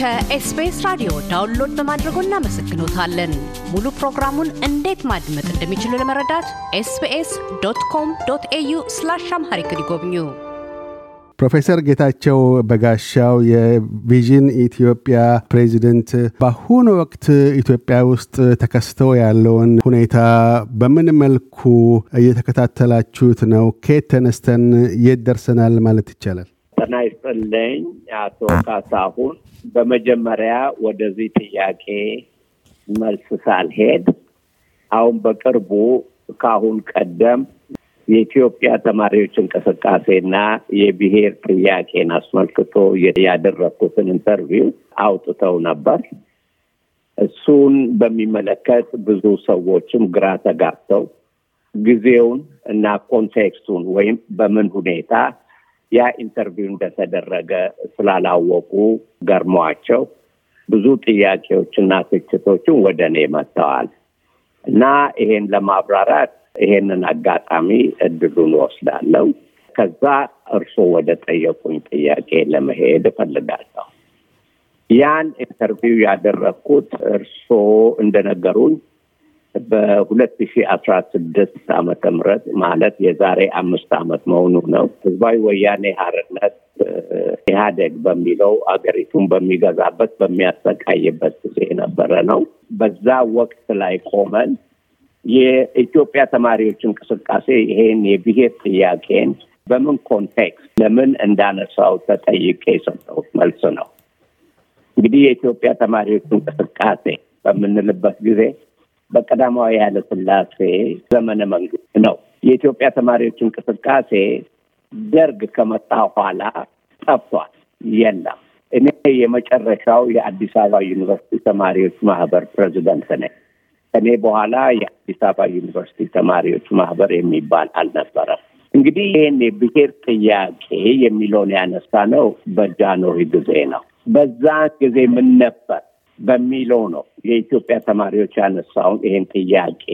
ከኤስቢኤስ ራዲዮ ዳውንሎድ በማድረጎ እናመሰግኖታለን። ሙሉ ፕሮግራሙን እንዴት ማድመጥ እንደሚችሉ ለመረዳት ኤስቢኤስ ዶት ኮም ዶት ኤዩ ስላሽ አምሃሪክ ይጎብኙ። ፕሮፌሰር ጌታቸው በጋሻው የቪዥን ኢትዮጵያ ፕሬዚደንት፣ በአሁኑ ወቅት ኢትዮጵያ ውስጥ ተከስቶ ያለውን ሁኔታ በምን መልኩ እየተከታተላችሁት ነው? ከየት ተነስተን የት ደርሰናል ማለት ይቻላል? ጤና ይስጥልኝ አቶ ካሳሁን። በመጀመሪያ ወደዚህ ጥያቄ መልስ ሳልሄድ አሁን በቅርቡ ከአሁን ቀደም የኢትዮጵያ ተማሪዎች እንቅስቃሴና የብሔር ጥያቄን አስመልክቶ ያደረግኩትን ኢንተርቪው አውጥተው ነበር። እሱን በሚመለከት ብዙ ሰዎችም ግራ ተጋብተው ጊዜውን እና ኮንቴክስቱን ወይም በምን ሁኔታ ያ ኢንተርቪው እንደተደረገ ስላላወቁ ገርሟቸው ብዙ ጥያቄዎችና ትችቶችን ወደ እኔ መጥተዋል እና ይሄን ለማብራራት ይሄንን አጋጣሚ እድሉን ወስዳለሁ። ከዛ እርስዎ ወደ ጠየቁኝ ጥያቄ ለመሄድ እፈልጋለሁ። ያን ኢንተርቪው ያደረግኩት እርስዎ እንደነገሩኝ በሁለት ሺ አስራ ስድስት ዓመተ ምህረት ማለት የዛሬ አምስት ዓመት መሆኑ ነው። ህዝባዊ ወያኔ ሀርነት ኢህአደግ በሚለው አገሪቱን በሚገዛበት በሚያሰቃይበት ጊዜ የነበረ ነው። በዛ ወቅት ላይ ቆመን የኢትዮጵያ ተማሪዎች እንቅስቃሴ ይሄን የብሄር ጥያቄን በምን ኮንቴክስት ለምን እንዳነሳው ተጠይቄ የሰጠሁት መልስ ነው። እንግዲህ የኢትዮጵያ ተማሪዎች እንቅስቃሴ በምንልበት ጊዜ በቀዳማዊ ኃይለ ሥላሴ ዘመነ መንግስት ነው። የኢትዮጵያ ተማሪዎች እንቅስቃሴ ደርግ ከመጣ ኋላ ጠፍቷል፣ የለም። እኔ የመጨረሻው የአዲስ አበባ ዩኒቨርሲቲ ተማሪዎች ማህበር ፕሬዚደንት ነኝ። እኔ በኋላ የአዲስ አበባ ዩኒቨርሲቲ ተማሪዎች ማህበር የሚባል አልነበረም። እንግዲህ ይህን የብሔር ጥያቄ የሚለውን ያነሳ ነው በጃንሆይ ጊዜ ነው። በዛ ጊዜ ምን ነበር በሚለው ነው የኢትዮጵያ ተማሪዎች ያነሳውን ይህን ጥያቄ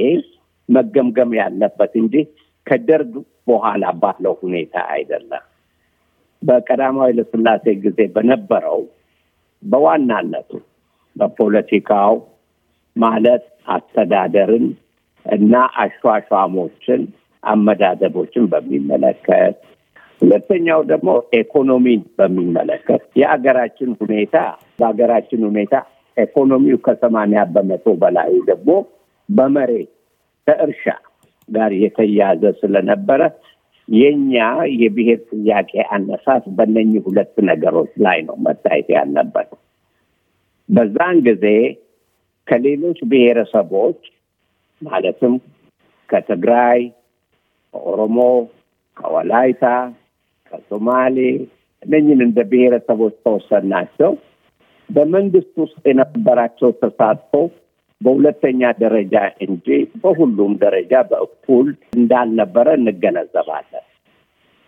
መገምገም ያለበት እንጂ ከደርግ በኋላ ባለው ሁኔታ አይደለም። በቀዳማዊ ኃይለሥላሴ ጊዜ በነበረው በዋናነቱ በፖለቲካው ማለት አስተዳደርን እና አሿሿሞችን፣ አመዳደቦችን በሚመለከት ሁለተኛው ደግሞ ኢኮኖሚን በሚመለከት የሀገራችን ሁኔታ በሀገራችን ሁኔታ ኢኮኖሚው ከሰማንያ በመቶ በላይ ደግሞ በመሬት ከእርሻ ጋር የተያያዘ ስለነበረ የኛ የብሔር ጥያቄ አነሳስ በነኚህ ሁለት ነገሮች ላይ ነው መታየት ያለበት። በዛን ጊዜ ከሌሎች ብሔረሰቦች ማለትም ከትግራይ፣ ከኦሮሞ፣ ከወላይታ፣ ከሶማሌ እነኝን እንደ ብሔረሰቦች ተወሰን ናቸው በመንግስት ውስጥ የነበራቸው ተሳትፎ በሁለተኛ ደረጃ እንጂ በሁሉም ደረጃ በእኩል እንዳልነበረ እንገነዘባለን።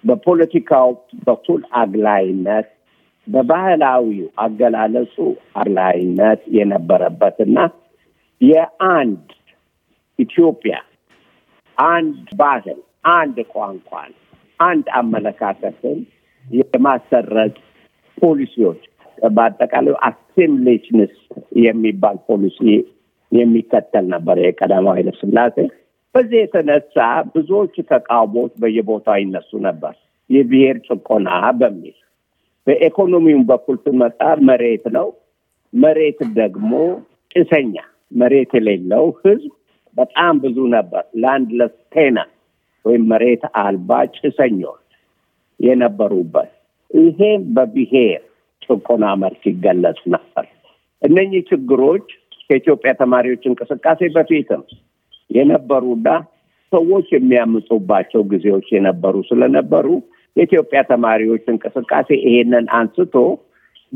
በፖለቲካው በኩል አግላይነት፣ በባህላዊው አገላለጹ አግላይነት የነበረበትና የአንድ ኢትዮጵያ አንድ ባህል፣ አንድ ቋንቋን፣ አንድ አመለካከትን የማሰረጥ ፖሊሲዎች በአጠቃላይ አሴምሌሽንስ የሚባል ፖሊሲ የሚከተል ነበር የቀዳማዊ ኃይለ ስላሴ። በዚህ የተነሳ ብዙዎቹ ተቃውሞዎች በየቦታው ይነሱ ነበር፣ የብሔር ጭቆና በሚል በኢኮኖሚውም በኩል ስመጣ መሬት ነው። መሬት ደግሞ ጭሰኛ መሬት የሌለው ህዝብ በጣም ብዙ ነበር። ላንድለስ ቴና ወይም መሬት አልባ ጭሰኞች የነበሩበት ይሄ በብሔር ጭቆና መልክ ሲገለጽ ነበር። እነኚህ ችግሮች ከኢትዮጵያ ተማሪዎች እንቅስቃሴ በፊትም የነበሩና ሰዎች የሚያምፁባቸው ጊዜዎች የነበሩ ስለነበሩ የኢትዮጵያ ተማሪዎች እንቅስቃሴ ይሄንን አንስቶ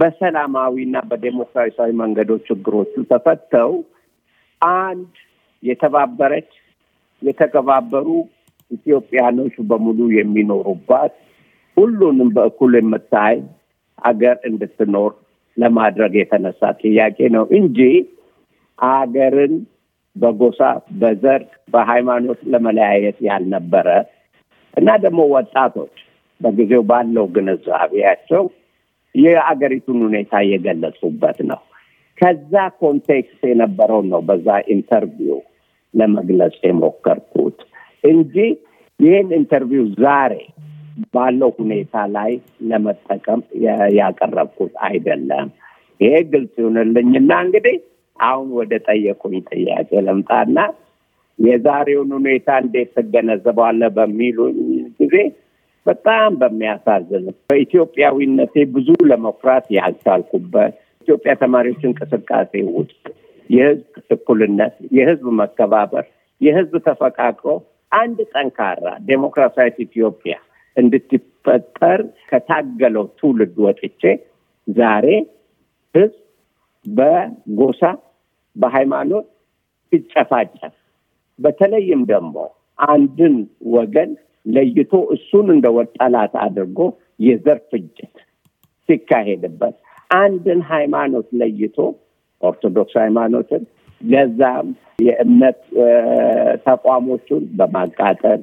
በሰላማዊና በዴሞክራሲያዊ መንገዶች ችግሮቹ ተፈተው አንድ የተባበረች የተከባበሩ ኢትዮጵያኖች በሙሉ የሚኖሩባት ሁሉንም በእኩል የምታይ አገር እንድትኖር ለማድረግ የተነሳ ጥያቄ ነው እንጂ አገርን በጎሳ፣ በዘር፣ በሃይማኖት ለመለያየት ያልነበረ እና ደግሞ ወጣቶች በጊዜው ባለው ግንዛቤያቸው የአገሪቱን ሁኔታ የገለጹበት ነው። ከዛ ኮንቴክስት የነበረው ነው በዛ ኢንተርቪው ለመግለጽ የሞከርኩት እንጂ ይህን ኢንተርቪው ዛሬ ባለው ሁኔታ ላይ ለመጠቀም ያቀረብኩት አይደለም። ይሄ ግልጽ ይሁንልኝና እንግዲህ አሁን ወደ ጠየቁኝ ጥያቄ ለምጣና የዛሬውን ሁኔታ እንዴት ትገነዘበዋለህ በሚሉኝ ጊዜ በጣም በሚያሳዝን በኢትዮጵያዊነቴ ብዙ ለመኩራት ያልቻልኩበት ኢትዮጵያ ተማሪዎች እንቅስቃሴ ውስጥ የህዝብ እኩልነት፣ የህዝብ መከባበር፣ የህዝብ ተፈቃቅሮ አንድ ጠንካራ ዴሞክራሲያዊ ኢትዮጵያ እንድትፈጠር ከታገለው ትውልድ ወጥቼ ዛሬ ህዝብ በጎሳ በሃይማኖት ሲጨፋጨፍ፣ በተለይም ደግሞ አንድን ወገን ለይቶ እሱን እንደ ጠላት አድርጎ የዘር ፍጅት ሲካሄድበት፣ አንድን ሃይማኖት ለይቶ ኦርቶዶክስ ሃይማኖትን ለዛም የእምነት ተቋሞቹን በማቃጠል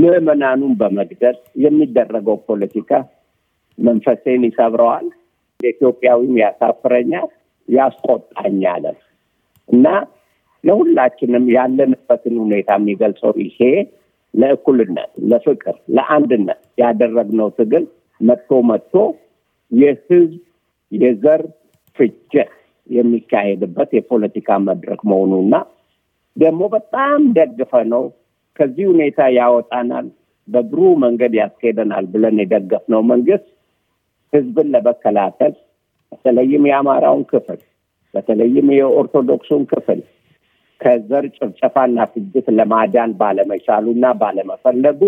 ምዕመናኑን በመግደል የሚደረገው ፖለቲካ መንፈሴን ይሰብረዋል። ኢትዮጵያዊም ያሳፍረኛል፣ ያስቆጣኛል እና ለሁላችንም ያለንበትን ሁኔታ የሚገልጸው ይሄ ለእኩልነት፣ ለፍቅር፣ ለአንድነት ያደረግነው ትግል መጥቶ መጥቶ የህዝብ የዘር ፍጀት የሚካሄድበት የፖለቲካ መድረክ መሆኑና ደግሞ በጣም ደግፈ ነው ከዚህ ሁኔታ ያወጣናል፣ በብሩ መንገድ ያስኬደናል ብለን የደገፍነው መንግስት ህዝብን ለመከላከል በተለይም የአማራውን ክፍል በተለይም የኦርቶዶክሱን ክፍል ከዘር ጭፍጨፋና ፍጅት ለማዳን ባለመቻሉና ባለመፈለጉ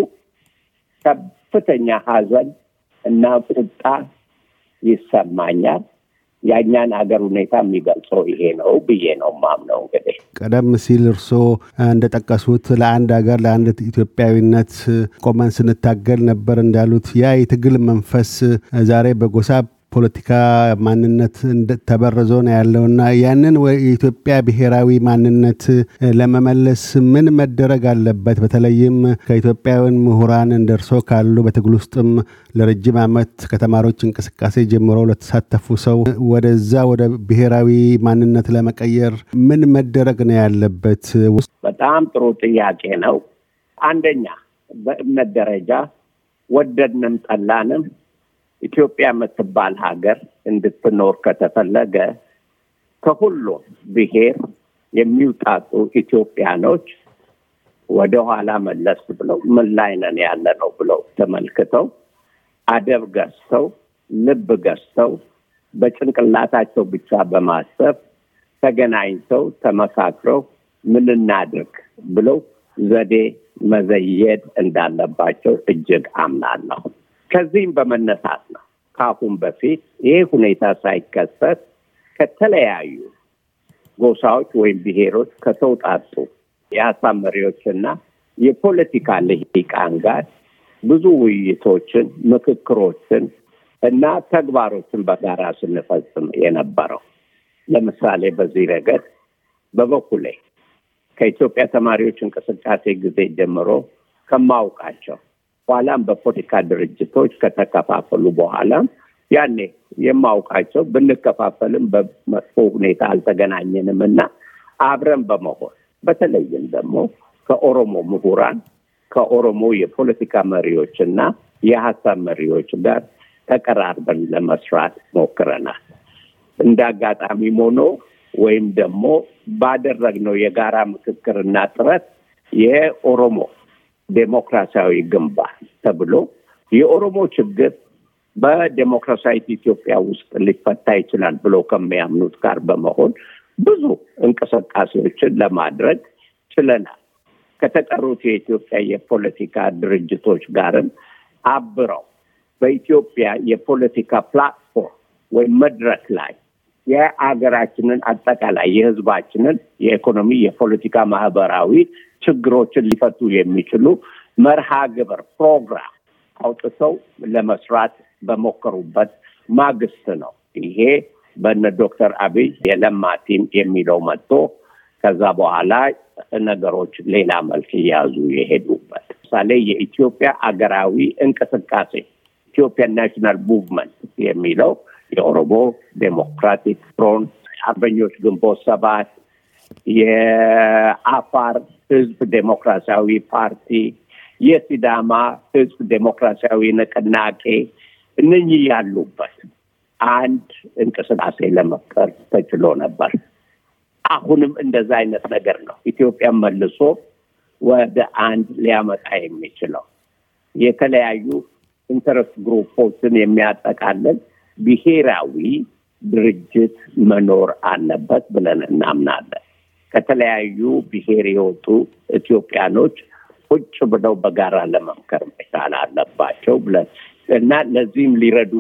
ከፍተኛ ሐዘን እና ቁጣ ይሰማኛል። ያኛን ሀገር ሁኔታ የሚገልጸው ይሄ ነው ብዬ ነው ማምነው። እንግዲህ ቀደም ሲል እርስዎ እንደጠቀሱት ለአንድ ሀገር ለአንድ ኢትዮጵያዊነት ቆመን ስንታገል ነበር እንዳሉት ያ የትግል መንፈስ ዛሬ በጎሳ ፖለቲካ ማንነት ተበርዞ ነው ያለውና ያንን የኢትዮጵያ ብሔራዊ ማንነት ለመመለስ ምን መደረግ አለበት? በተለይም ከኢትዮጵያውያን ምሁራን እንደርሶ ካሉ በትግል ውስጥም ለረጅም ዓመት ከተማሪዎች እንቅስቃሴ ጀምሮ ለተሳተፉ ሰው ወደዛ ወደ ብሔራዊ ማንነት ለመቀየር ምን መደረግ ነው ያለበት? በጣም ጥሩ ጥያቄ ነው። አንደኛ በእምነት ደረጃ ወደድንም ጠላንም ኢትዮጵያ የምትባል ሀገር እንድትኖር ከተፈለገ ከሁሉም ብሔር የሚውጣጡ ኢትዮጵያኖች ወደኋላ መለስ ብለው ምን ላይ ነን ያለ ነው ብለው ተመልክተው አደብ ገዝተው ልብ ገዝተው በጭንቅላታቸው ብቻ በማሰብ ተገናኝተው ተመካክረው ምን እናድርግ ብለው ዘዴ መዘየድ እንዳለባቸው እጅግ አምናለሁ። ከዚህም በመነሳት ነው ከአሁን በፊት ይህ ሁኔታ ሳይከሰት ከተለያዩ ጎሳዎች ወይም ብሔሮች ከተውጣጡ የአሳብ መሪዎችና የፖለቲካ ልሂቃን ጋር ብዙ ውይይቶችን፣ ምክክሮችን እና ተግባሮችን በጋራ ስንፈጽም የነበረው ለምሳሌ በዚህ ረገድ በበኩሌ ከኢትዮጵያ ተማሪዎች እንቅስቃሴ ጊዜ ጀምሮ ከማውቃቸው በኋላም በፖለቲካ ድርጅቶች ከተከፋፈሉ በኋላ ያኔ የማውቃቸው ብንከፋፈልም በመጥፎ ሁኔታ አልተገናኘንም እና አብረን በመሆን በተለይም ደግሞ ከኦሮሞ ምሁራን ከኦሮሞ የፖለቲካ መሪዎች እና የሀሳብ መሪዎች ጋር ተቀራርበን ለመስራት ሞክረናል። እንደ አጋጣሚ ሆኖ ወይም ደግሞ ባደረግነው የጋራ ምክክርና ጥረት የኦሮሞ ዴሞክራሲያዊ ግንባር ተብሎ የኦሮሞ ችግር በዴሞክራሲያዊት ኢትዮጵያ ውስጥ ሊፈታ ይችላል ብሎ ከሚያምኑት ጋር በመሆን ብዙ እንቅስቃሴዎችን ለማድረግ ችለናል። ከተቀሩት የኢትዮጵያ የፖለቲካ ድርጅቶች ጋርም አብረው በኢትዮጵያ የፖለቲካ ፕላትፎርም ወይም መድረክ ላይ የአገራችንን አጠቃላይ የህዝባችንን የኢኮኖሚ፣ የፖለቲካ፣ ማህበራዊ ችግሮችን ሊፈቱ የሚችሉ መርሃ ግብር ፕሮግራም አውጥተው ለመስራት በሞከሩበት ማግስት ነው ይሄ በነ ዶክተር አብይ የለማ ቲም የሚለው መጥቶ ከዛ በኋላ ነገሮች ሌላ መልክ እያዙ የሄዱበት ምሳሌ የኢትዮጵያ አገራዊ እንቅስቃሴ ኢትዮጵያ ናሽናል ሙቭመንት የሚለው የኦሮሞ ዴሞክራቲክ ፍሮንት፣ አርበኞች ግንቦት ሰባት፣ የአፋር ህዝብ ዴሞክራሲያዊ ፓርቲ፣ የሲዳማ ህዝብ ዴሞክራሲያዊ ንቅናቄ እነኚህ ያሉበት አንድ እንቅስቃሴ ለመፍጠር ተችሎ ነበር። አሁንም እንደዛ አይነት ነገር ነው ኢትዮጵያን መልሶ ወደ አንድ ሊያመጣ የሚችለው የተለያዩ ኢንተረስት ግሩፖችን የሚያጠቃለን። ብሔራዊ ድርጅት መኖር አለበት ብለን እናምናለን። ከተለያዩ ብሔር የወጡ ኢትዮጵያኖች ቁጭ ብለው በጋራ ለመምከር መቻል አለባቸው ብለን እና ለዚህም ሊረዱ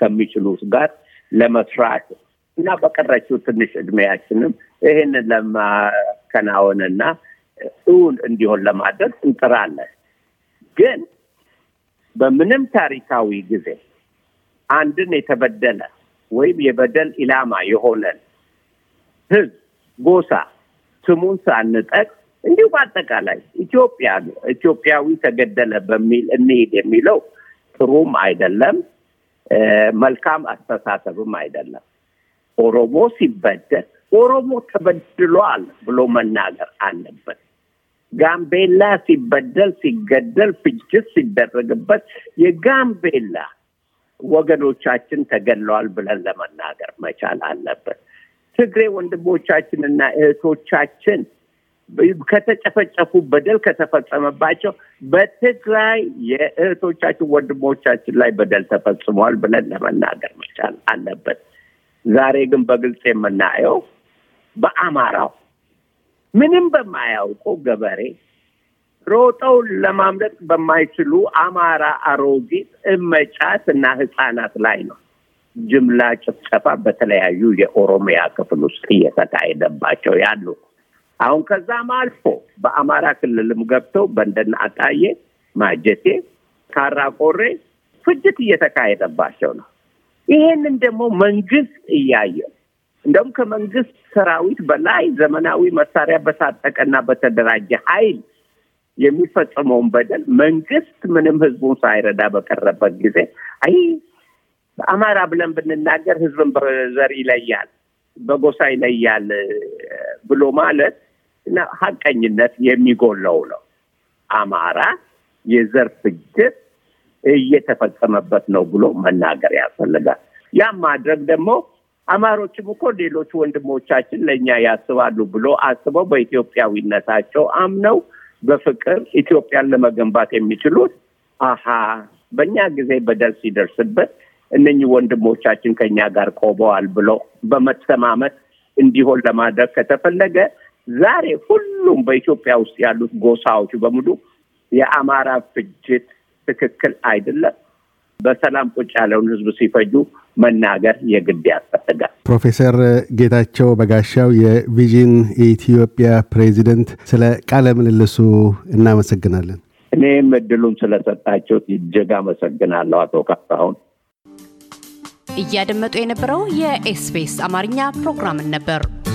ከሚችሉት ጋር ለመስራት እና በቀረችው ትንሽ እድሜያችንም ይህን ለማከናወንና እውን እንዲሆን ለማድረግ እንጥራለን። ግን በምንም ታሪካዊ ጊዜ አንድን የተበደለ ወይም የበደል ኢላማ የሆነን ህዝብ፣ ጎሳ ስሙን ሳንጠቅ እንዲሁ በአጠቃላይ ኢትዮጵያ ኢትዮጵያዊ ተገደለ በሚል እንሄድ የሚለው ጥሩም አይደለም፣ መልካም አስተሳሰብም አይደለም። ኦሮሞ ሲበደል ኦሮሞ ተበድሏል ብሎ መናገር አለበት። ጋምቤላ ሲበደል ሲገደል፣ ፍጅት ሲደረግበት የጋምቤላ ወገኖቻችን ተገለዋል ብለን ለመናገር መቻል አለበት። ትግሬ ወንድሞቻችንና እህቶቻችን ከተጨፈጨፉ በደል ከተፈጸመባቸው በትግራይ የእህቶቻችን ወንድሞቻችን ላይ በደል ተፈጽሟል ብለን ለመናገር መቻል አለበት። ዛሬ ግን በግልጽ የምናየው በአማራው ምንም በማያውቀው ገበሬ ሮጠው ለማምለጥ በማይችሉ አማራ አሮጊት እመጫት እና ህጻናት ላይ ነው ጅምላ ጭፍጨፋ በተለያዩ የኦሮሚያ ክፍል ውስጥ እየተካሄደባቸው ያሉ አሁን ከዛም አልፎ በአማራ ክልልም ገብተው በእንደነ አጣዬ፣ ማጀቴ፣ ካራቆሬ ፍጅት እየተካሄደባቸው ነው። ይሄንን ደግሞ መንግስት እያየ እንደውም ከመንግስት ሰራዊት በላይ ዘመናዊ መሳሪያ በታጠቀና በተደራጀ ሀይል የሚፈጸመውን በደል መንግስት ምንም ህዝቡን ሳይረዳ በቀረበት ጊዜ አይ አማራ ብለን ብንናገር ህዝብን በዘር ይለያል፣ በጎሳ ይለያል ብሎ ማለት እና ሀቀኝነት የሚጎለው ነው። አማራ የዘር ፍጅት እየተፈጸመበት ነው ብሎ መናገር ያስፈልጋል። ያም ማድረግ ደግሞ አማሮችም እኮ ሌሎች ወንድሞቻችን ለእኛ ያስባሉ ብሎ አስበው በኢትዮጵያዊነታቸው አምነው በፍቅር ኢትዮጵያን ለመገንባት የሚችሉት አሀ በእኛ ጊዜ በደል ሲደርስበት እነኚህ ወንድሞቻችን ከኛ ጋር ቆመዋል ብሎ በመተማመት እንዲሆን ለማድረግ ከተፈለገ ዛሬ ሁሉም በኢትዮጵያ ውስጥ ያሉት ጎሳዎች በሙሉ የአማራ ፍጅት ትክክል አይደለም በሰላም ቁጭ ያለውን ህዝብ ሲፈጁ መናገር የግድ ያስፈልጋል። ፕሮፌሰር ጌታቸው በጋሻው የቪዥን ኢትዮጵያ ፕሬዚደንት፣ ስለ ቃለ ምልልሱ እናመሰግናለን። እኔም እድሉን ስለሰጣችሁት እጅግ አመሰግናለሁ አቶ ካሳሁን። እያደመጡ የነበረው የኤስቢኤስ አማርኛ ፕሮግራምን ነበር።